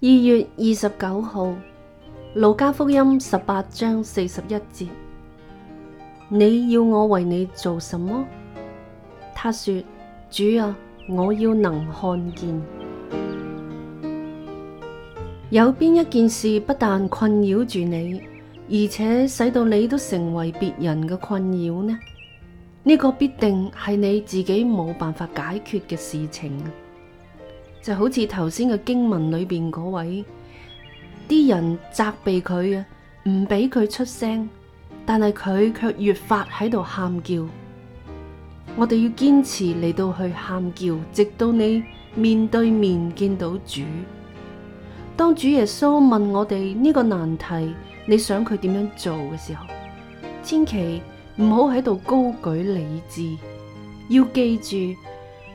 二月二十九號，路加福音十八章四十一節，你要我為你做什麼？他說：主啊，我要能看見。有邊一件事不但困擾住你，而且使到你都成為別人嘅困擾呢？呢、呢個必定係你自己冇辦法解決嘅事情。就好似頭先嘅經文裏邊嗰位，啲人責備佢啊，唔俾佢出聲，但係佢卻越發喺度喊叫。我哋要堅持嚟到去喊叫，直到你面對面見到主。當主耶穌問我哋呢個難題，你想佢點樣做嘅時候，千祈唔好喺度高舉理智，要記住，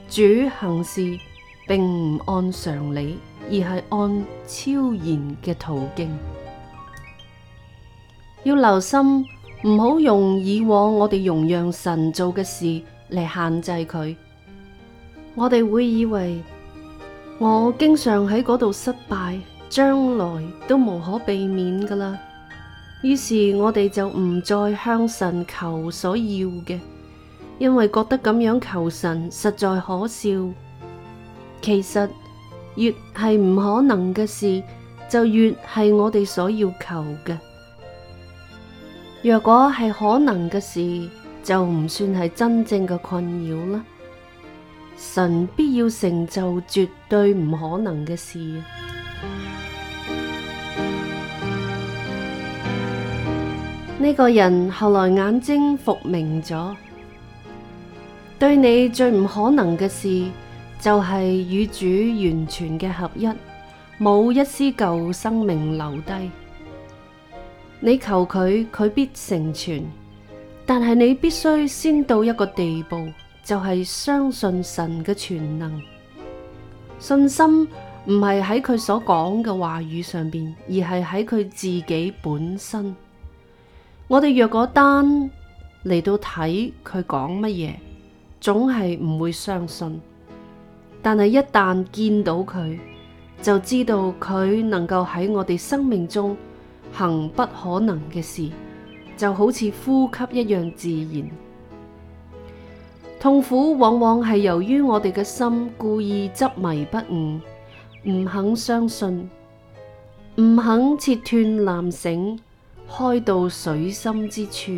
主行事。並唔按常理，而係按超然嘅途徑。要留心，唔好用以往我哋容讓神做嘅事嚟限制佢。我哋會以為我經常喺嗰度失敗，將來都無可避免㗎喇。於是我哋就唔再向神求所要嘅，因為覺得咁樣求神實在可笑。其實越係唔可能嘅事，就越係我哋所要求嘅。若果係可能嘅事，就唔算係真正嘅困擾啦。神必要成就絕對唔可能嘅事。 呢個人後來眼睛復明咗，對你最唔可能嘅事。就係與主完全嘅合一，冇一絲舊生命留低。你求佢，佢必成全。但係你必須先到一個地步，就係相信神嘅全能。信心唔係喺佢所講嘅話語上邊，而係喺佢自己本身。我哋若果單嚟到睇佢講乜嘢，總係唔會相信。但係一旦見到佢，就知道佢能夠喺我哋生命中行不可能嘅事，就好似呼吸一樣自然。痛苦往往係由於我哋嘅心故意執迷不悟，唔肯相信，唔肯切斷纜繩，開到水深之處，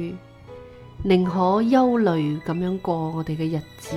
寧可憂慮咁樣過我哋嘅日子。